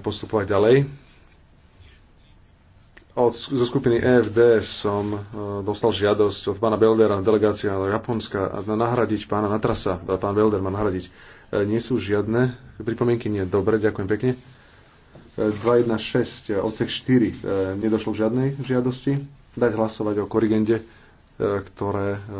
postupovať ďalej. Od, zo skupiny EFD som e, dostal žiadosť od pána Beldera, delegácia do Japonska, na nahradiť pána Natrasa. E, pán Belder má nahradiť. E, nie sú žiadne pripomienky? Nie. Dobre, ďakujem pekne. E, 216, e, odsek 4. E, nedošlo k žiadnej žiadosti. Dať hlasovať o korigende, e, ktoré... E,